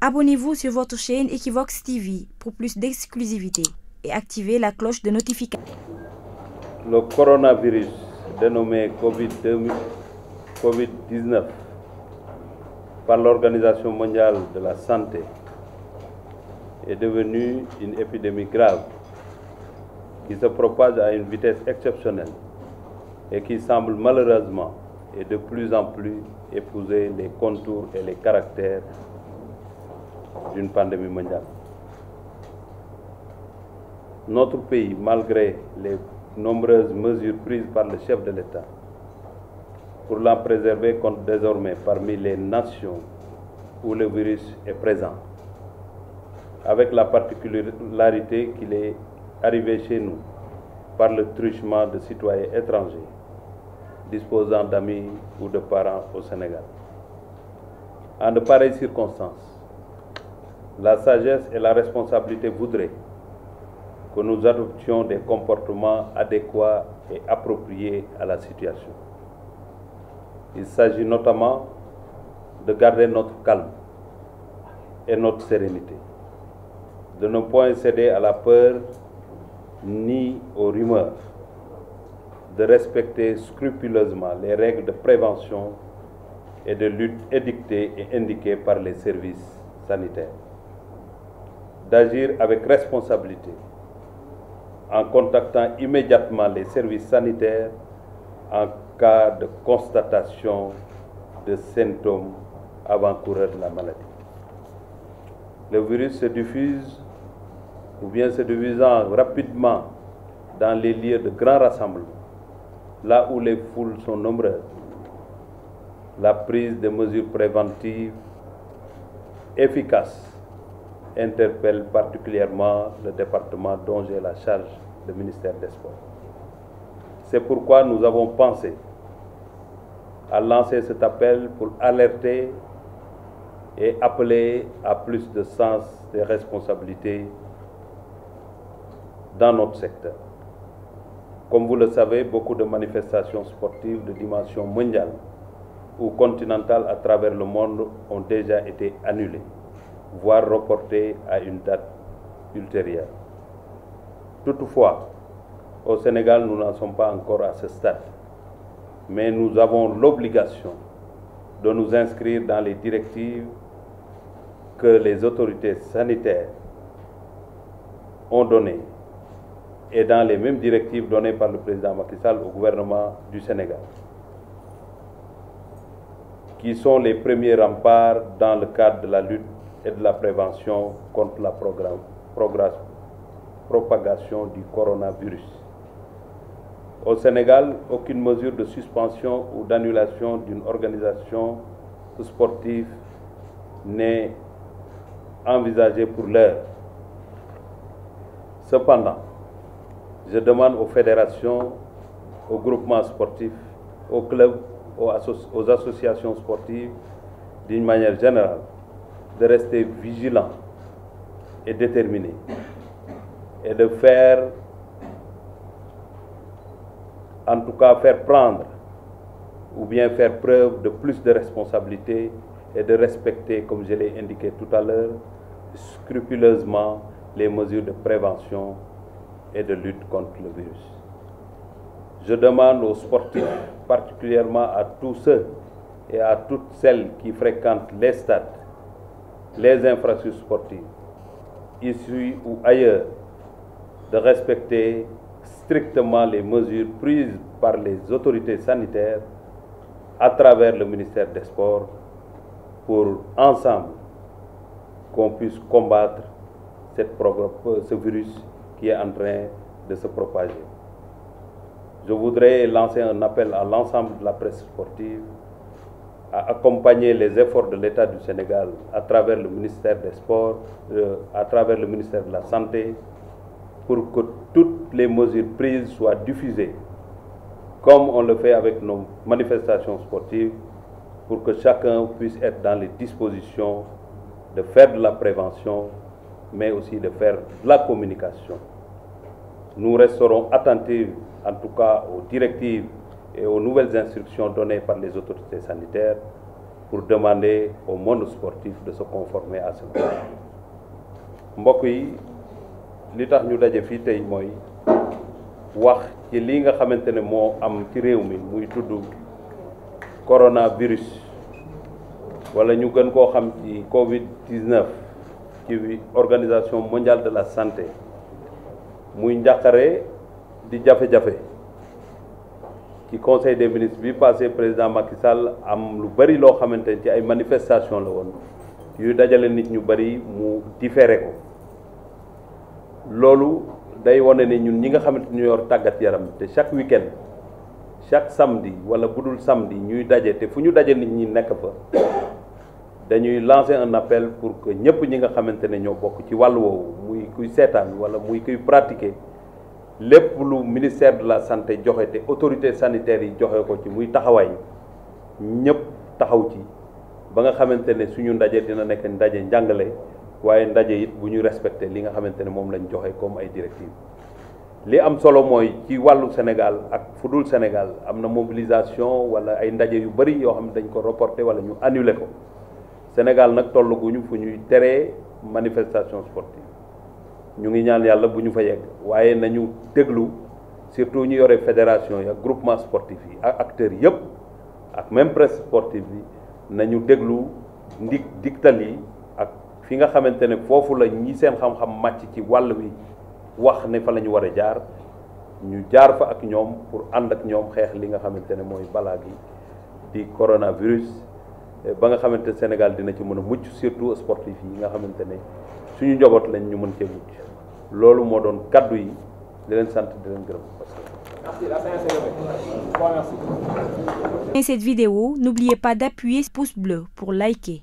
Abonnez-vous sur votre chaîne Equivox TV pour plus d'exclusivité et activez la cloche de notification. Le coronavirus, dénommé COVID-19 COVID par l'Organisation mondiale de la santé, est devenu une épidémie grave qui se propage à une vitesse exceptionnelle et qui semble et de plus en plus épouser les contours les caractères d'une pandémie mondiale. Notre pays, malgré les nombreuses mesures prises par le chef de l'État pour la préserver, compte désormais parmi les nations où le virus est présent, avec la particularité qu'il est arrivé chez nous par le truchement de citoyens étrangers disposant d'amis ou de parents au Sénégal. En de pareilles circonstances, la sagesse et la responsabilité voudraient que nous adoptions des comportements adéquats et appropriés à la situation. Il s'agit notamment de garder notre calme et notre sérénité, de ne point céder à la peur ni aux rumeurs, de respecter scrupuleusement les règles de prévention et de lutte édictées et indiquées par les services sanitaires. d'agir avec responsabilité en contactant immédiatement les services sanitaires en cas de constatation de symptômes avant-coureurs de la maladie. Le virus se diffuse ou bien se diffusant rapidement dans les lieux de grands rassemblements, là où les foules sont nombreuses. La prise de mesures préventives efficaces interpelle particulièrement le département dont j'ai la charge, de ministère des Sports. C'est pourquoi nous avons pensé à lancer cet appel pour alerter et appeler à plus de sens des responsabilité dans notre secteur. Comme vous le savez, beaucoup de manifestations sportives de dimension mondiale ou continentale à travers le monde ont déjà été annulées. voire reportée à une date ultérieure. Toutefois, au Sénégal, nous n'en sommes pas encore à ce stade, mais nous avons l'obligation de nous inscrire dans les directives que les autorités sanitaires ont données et dans les mêmes directives données par le président Macky Sall au gouvernement du Sénégal, qui sont les premiers remparts dans le cadre de la lutte et de la prévention contre la propagation du coronavirus. Au Sénégal, aucune mesure de suspension ou d'annulation d'une organisation sportive n'est envisagée pour l'heure. Cependant, je demande aux fédérations, aux groupements sportifs, aux clubs, aux associations sportives, d'une manière générale, de rester vigilant et déterminé et de faire, en tout cas faire prendre ou bien faire preuve de plus de responsabilité et de respecter, comme je l'ai indiqué tout à l'heure, scrupuleusement les mesures de prévention et de lutte contre le virus. Je demande aux sportifs, particulièrement à tous ceux et à toutes celles qui fréquentent les les infrastructures sportives, ici ou ailleurs, de respecter strictement les mesures prises par les autorités sanitaires à travers le ministère des Sports pour ensemble qu'on puisse combattre cette euh, ce virus qui est en train de se propager. Je voudrais lancer un appel à l'ensemble de la presse sportive à accompagner les efforts de l'État du Sénégal à travers le ministère des Sports, euh, à travers le ministère de la Santé, pour que toutes les mesures prises soient diffusées, comme on le fait avec nos manifestations sportives, pour que chacun puisse être dans les dispositions de faire de la prévention, mais aussi de faire de la communication. Nous resterons attentifs, en tout cas, aux directives et aux nouvelles instructions données par les autorités sanitaires pour demander au monde sportif de se conformer à ce mbokk yi li tax ñu daje fii tey mooy wax ci li nga xamante ne moo am ci réew mi muy tudd coronavirus wala ñu gën koo xam ci Covid 19 ci organisation mondiale de la santé muy njàqare di jafe-jafe. ci conseil des ministres bi passé président Macky Sall am lu bari loo xamante ne ci ay manifestation la woon yuy dajale nit ñu bari mu différé ko loolu day wane ne ñun ñi nga xamante ni yor tàggat yaram te chaque week-end chaque samedi wala budul samedi ñuy daje te fu ñu daje nit ñi nekk fa dañuy lancer un appel pour que ñëpp ñi nga xamante ne ñoo bokk ci wàll woowu muy kuy seetaan wala muy kuy pratiquer lépp lu ministère de la santé joxe te autorité sanitaire yi joxe ko ci muy taxawaay ñëpp taxaw ci ba nga xamante ne suñu ndaje dina nekk ndaje njàngale waaye ndaje it bu ñu respecté li nga xamante ne moom lañ joxe comme ay directive li am solo mooy ci wàllu Sénégal ak fu dul Sénégal am na mobilisation wala ay ndaje yu bëri yoo xam ne dañ ko reporté wala ñu annulé ko Sénégal nag toll guñu fu ñuy teree manifestation sportive ñu ngi ñaan yàlla bu ñu fa yegg waaye nañu déglu surtout ñu yore fédération yi ak groupement sportif yi ak acteurs yëpp ak même presse sportive bi nañu déglu ndig digtal yi ak fi nga xamante ne foofu la ñi seen xam-xam màcc ci wàll wi wax ne fa la ñu war a jaar ñu jaar fa ak ñoom pour ànd ak ñoom xeex li nga xamante ne mooy balaa gi di coronavirus ba nga xamante Sénégal dina ci mën a mucc surtout sportif yi nga xamante ne suñu njaboot lañ ñu mën cee mucc loolu moo doon kaddu yi di leen sant di leen gërëm. Merci. Cette vidéo, n'oubliez pas d'appuyer pouce bleu pour liker.